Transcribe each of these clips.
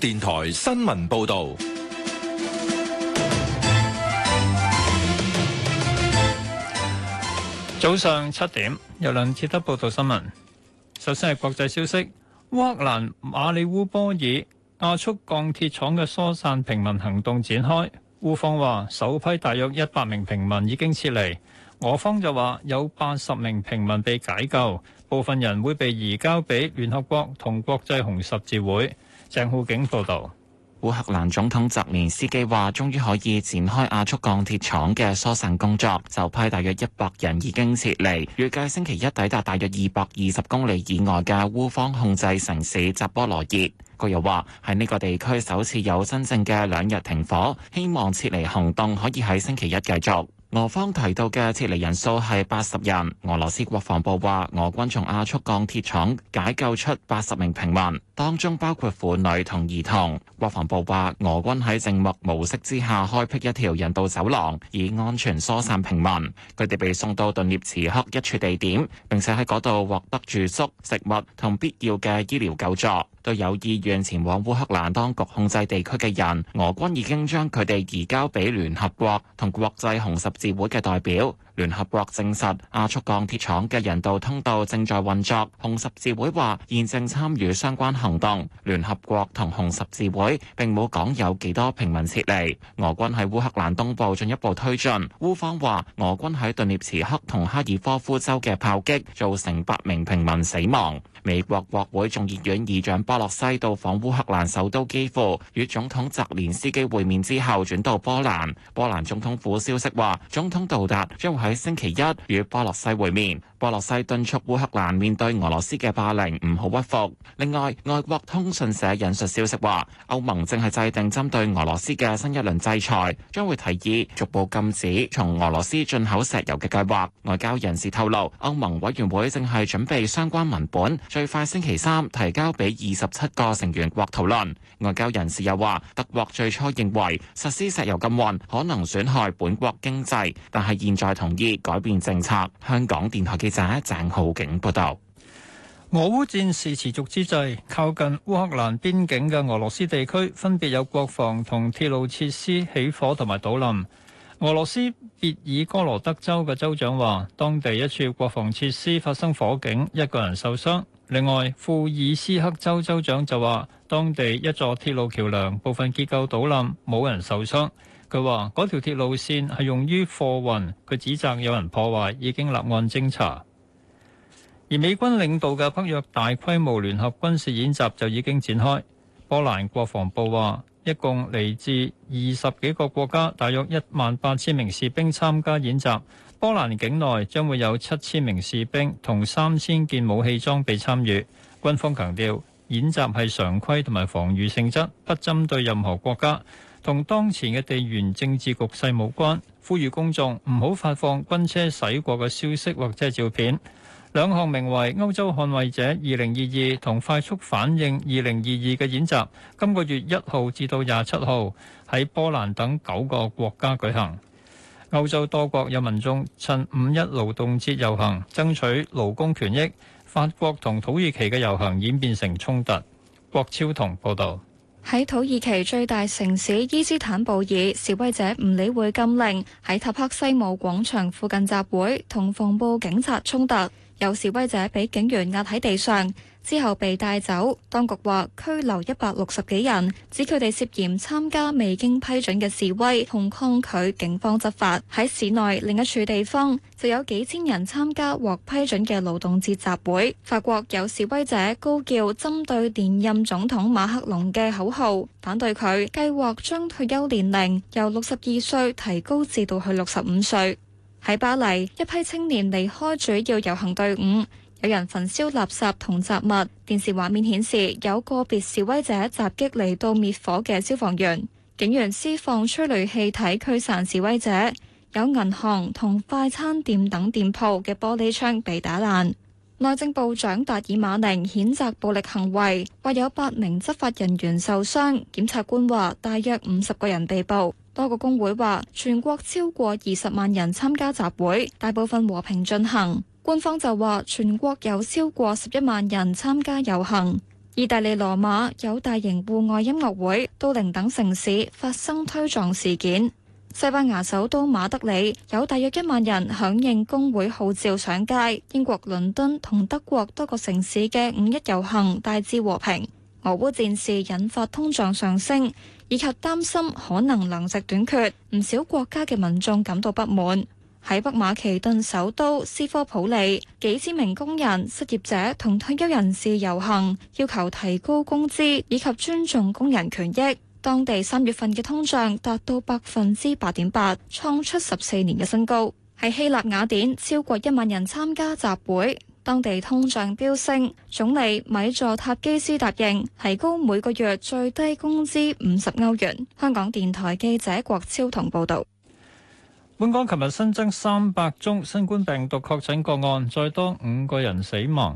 電台新聞報道，早上七點由梁捷德報道新聞。首先係國際消息：烏克蘭馬里烏波爾亞速鋼鐵廠嘅疏散平民行動展開。烏方話首批大約一百名平民已經撤離，俄方就話有八十名平民被解救，部分人會被移交俾聯合國同國際紅十字會。鄭浩景報道，烏克蘭總統澤連斯基話，終於可以展開亞速鋼鐵廠嘅疏散工作，就派大約一百人已經撤離，預計星期一抵達大約二百二十公里以外嘅烏方控制城市扎波羅熱。佢又話喺呢個地區首次有真正嘅兩日停火，希望撤離行動可以喺星期一繼續。俄方提到嘅撤離人數係八十人。俄羅斯國防部話，俄軍從亞速鋼鐵廠解救出八十名平民，當中包括婦女同兒童。國防部話，俄軍喺靜默模式之下開闢一條人道走廊，以安全疏散平民。佢哋被送到頓涅茨克一處地點，並且喺嗰度獲得住宿、食物同必要嘅醫療救助。對有意願前往烏克蘭當局控制地區嘅人，俄軍已經將佢哋移交俾聯合國同國際紅十字會嘅代表。聯合國證實亞速鋼鐵廠嘅人道通道正在運作。紅十字會話現正參與相關行動。聯合國同紅十字會並冇講有幾多平民撤離。俄軍喺烏克蘭東部進一步推進。烏方話俄軍喺頓涅茨克同哈爾科夫州嘅炮擊造成八名平民死亡。美國國會眾議院議長波洛西到訪烏克蘭首都基輔，與總統澤連斯基會面之後轉到波蘭。波蘭總統府消息話總統到達將會喺喺星期一與巴洛西會面。波洛西敦促烏克蘭面對俄羅斯嘅霸凌，唔好屈服。另外，外國通訊社引述消息話，歐盟正係制定針對俄羅斯嘅新一輪制裁，將會提議逐步禁止從俄羅斯進口石油嘅計劃。外交人士透露，歐盟委員會正係準備相關文本，最快星期三提交俾二十七個成員國討論。外交人士又話，德國最初認為實施石油禁運可能損害本國經濟，但係現在同意改變政策。香港電台嘅。一鄭浩景。報道：俄烏戰事持續之際，靠近烏克蘭邊境嘅俄羅斯地區分別有國防同鐵路設施起火同埋倒冧。俄羅斯別爾哥羅德州嘅州長話，當地一處國防設施發生火警，一個人受傷。另外，庫爾斯克州州長就話，當地一座鐵路橋梁部分結構倒冧，冇人受傷。佢話：嗰條鐵路線係用於貨運。佢指責有人破壞，已經立案偵查。而美軍領導嘅北約大規模聯合軍事演習就已經展開。波蘭國防部話，一共嚟自二十幾個國家，大約一萬八千名士兵參加演習。波蘭境內將會有七千名士兵同三千件武器裝備參與。軍方強調，演習係常規同埋防禦性質，不針對任何國家。同當前嘅地緣政治局勢無關，呼籲公眾唔好發放軍車駛過嘅消息或者照片。兩項名為歐洲捍衞者2022同快速反應2022嘅演習，今個月一號至到廿七號喺波蘭等九個國家舉行。歐洲多國有民眾趁五一勞動節遊行爭取勞工權益，法國同土耳其嘅遊行演變成衝突。郭超同報導。喺土耳其最大城市伊斯坦布爾，示威者唔理會禁令，喺塔克西姆廣場附近集會，同防暴警察衝突，有示威者俾警員壓喺地上。之後被帶走，當局話拘留一百六十幾人，指佢哋涉嫌參加未經批准嘅示威同抗拒警方執法。喺市內另一處地方就有幾千人參加獲批准嘅勞動節集會。法國有示威者高叫針對連任總統馬克龍嘅口號，反對佢計劃將退休年齡由六十二歲提高至到去六十五歲。喺巴黎，一批青年離開主要遊行隊伍。有人焚燒垃圾同雜物，電視畫面顯示有個別示威者襲擊嚟到滅火嘅消防員，警員施放催淚氣體驅散示威者。有銀行同快餐店等店鋪嘅玻璃窗被打爛。內政部長達爾馬寧譴責暴力行為，話有八名執法人員受傷。檢察官話大約五十個人被捕。多個工會話全國超過二十萬人參加集會，大部分和平進行。官方就話全國有超過十一萬人參加遊行。意大利羅馬有大型戶外音樂會，都靈等城市發生推撞事件。西班牙首都馬德里有大約一萬人響應工會號召上街。英國倫敦同德國多個城市嘅五一遊行大致和平。俄烏戰事引發通脹上升，以及擔心可能能源短缺，唔少國家嘅民眾感到不滿。喺北馬其頓首都斯科普里，幾千名工人、失業者同退休人士遊行，要求提高工資以及尊重工人權益。當地三月份嘅通脹達到百分之八點八，創出十四年嘅新高。喺希臘雅典，超過一萬人參加集會。當地通脹飆升，總理米佐塔基斯答應提高每個月最低工資五十歐元。香港電台記者郭超同報導。本港琴日新增三百宗新冠病毒確診個案，再多五個人死亡。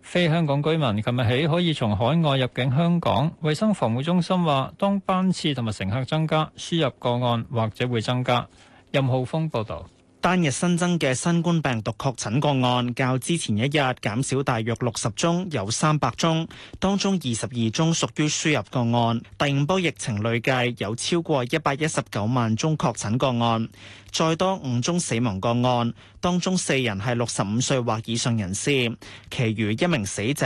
非香港居民，琴日起可以從海外入境香港。衛生防護中心話，當班次同埋乘客增加，輸入個案或者會增加。任浩峰報道。單日新增嘅新冠病毒確診個案較之前一日減少大約六十宗，有三百宗，當中二十二宗屬於輸入個案。第五波疫情累計有超過一百一十九萬宗確診個案，再多五宗死亡個案，當中四人係六十五歲或以上人士，其餘一名死者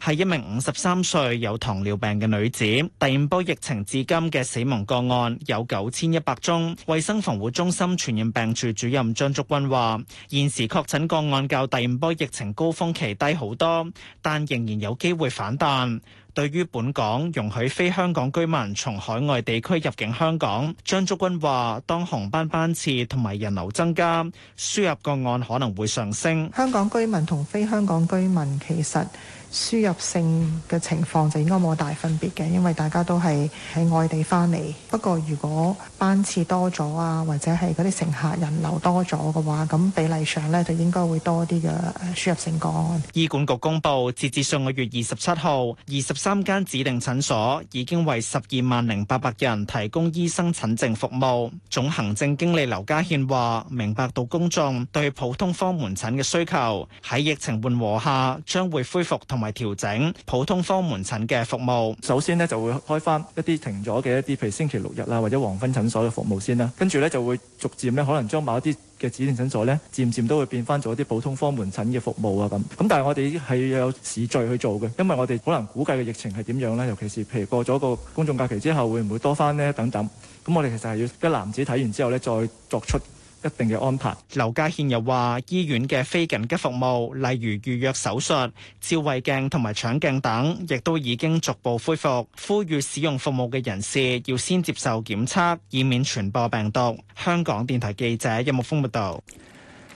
係一名五十三歲有糖尿病嘅女子。第五波疫情至今嘅死亡個案有九千一百宗。衛生防護中心傳染病處主任，張竹君話：現時確診個案較第五波疫情高峰期低好多，但仍然有機會反彈。對於本港容許非香港居民從海外地區入境香港，張竹君話：當航班班次同埋人流增加，輸入個案可能會上升。香港居民同非香港居民其實。輸入性嘅情況就應該冇大分別嘅，因為大家都係喺外地翻嚟。不過如果班次多咗啊，或者係嗰啲乘客人流多咗嘅話，咁比例上呢，就應該會多啲嘅輸入性個案。醫管局公布，截至上個月二十七號，二十三間指定診所已經為十二萬零八百人提供醫生診症服務。總行政經理劉家獻話：明白到公眾對普通科門診嘅需求喺疫情緩和下將會恢復同。同埋調整普通科門診嘅服務，首先呢就會開翻一啲停咗嘅一啲，譬如星期六日啦，或者黃昏診所嘅服務先啦。跟住咧就會逐漸咧，可能將某一啲嘅指定診所咧，漸漸都會變翻做一啲普通科門診嘅服務啊。咁咁，但係我哋係要有時序去做嘅，因為我哋可能估計嘅疫情係點樣咧？尤其是譬如過咗個公眾假期之後，會唔會多翻呢？等等。咁我哋其實係要一男子睇完之後咧，再作出。一定要安排。劉家憲又話醫院嘅非緊急服務，例如預約手術照胃鏡同埋腸鏡等，亦都已經逐步恢復，呼籲使用服務嘅人士要先接受檢測，以免傳播病毒。香港電台記者任木峯報道。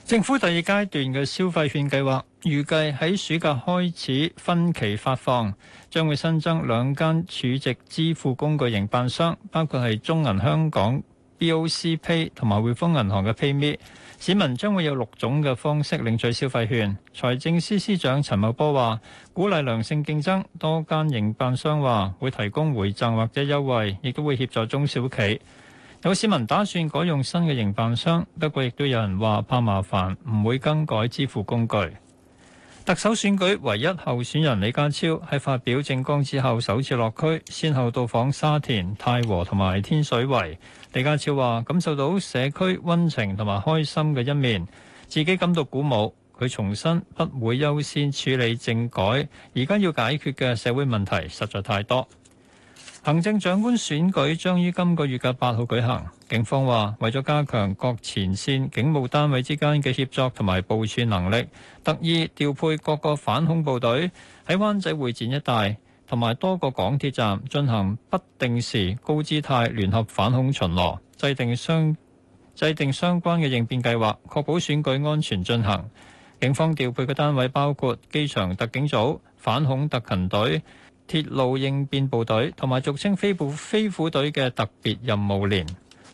政府第二階段嘅消費券計劃預計喺暑假開始分期發放，將會新增兩間儲值支付工具營辦商，包括係中銀香港。BOC Pay 同埋匯豐銀行嘅 PayMe，市民將會有六種嘅方式領取消費券。財政司司長陳茂波話：鼓勵良性競爭，多間營辦商話會提供回贈或者優惠，亦都會協助中小企。有市民打算改用新嘅營辦商，不過亦都有人話怕麻煩，唔會更改支付工具。特首選舉唯一候選人李家超喺發表政綱之後首次落區，先後到訪沙田、太和同埋天水圍。李家超話感受到社區溫情同埋開心嘅一面，自己感到鼓舞。佢重申不會優先處理政改，而家要解決嘅社會問題實在太多。行政長官選舉將於今個月嘅八號舉行。警方話，為咗加強各前線警務單位之間嘅協作同埋部署能力，特意調配各個反恐部隊喺灣仔會展一帶同埋多個港鐵站進行不定時高姿態聯合反恐巡邏，制定相制定相關嘅應變計劃，確保選舉安全進行。警方調配嘅單位包括機場特警組、反恐特勤隊。鐵路應變部隊同埋俗稱飛部飛虎隊嘅特別任務連，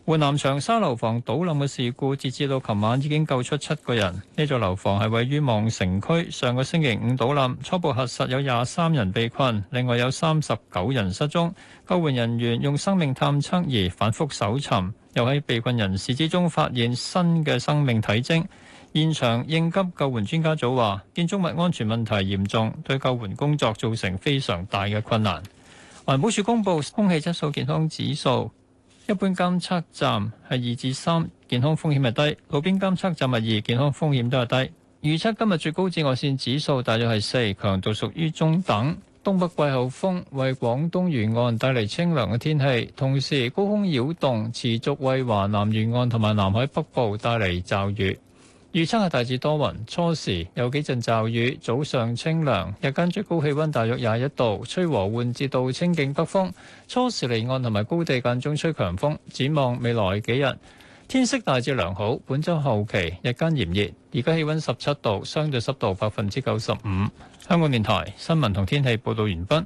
湖南長沙樓房倒冧嘅事故，截至到琴晚已經救出七個人。呢座樓房係位於望城區，上個星期五倒冧，初步核實有廿三人被困，另外有三十九人失蹤。救援人員用生命探測儀反覆搜尋，又喺被困人士之中發現新嘅生命體徵。現場應急救援專家組話：建築物安全問題嚴重，對救援工作造成非常大嘅困難。環保署公布空氣質素健康指數，一般監測站係二至三，健康風險係低；路邊監測站係二，健康風險都係低。預測今日最高紫外線指數大約係四，強度屬於中等。東北季候風為廣東沿岸帶嚟清涼嘅天氣，同時高空擾動持續為華南沿岸同埋南海北部帶嚟驟雨。預測係大致多雲，初時有幾陣驟雨，早上清涼，日間最高氣温大約廿一度，吹和緩至到清勁北風，初時離岸同埋高地間中吹強風。展望未來幾日，天色大致良好，本週後期日間炎熱，而家氣温十七度，相對濕度百分之九十五。香港電台新聞同天氣報導完畢。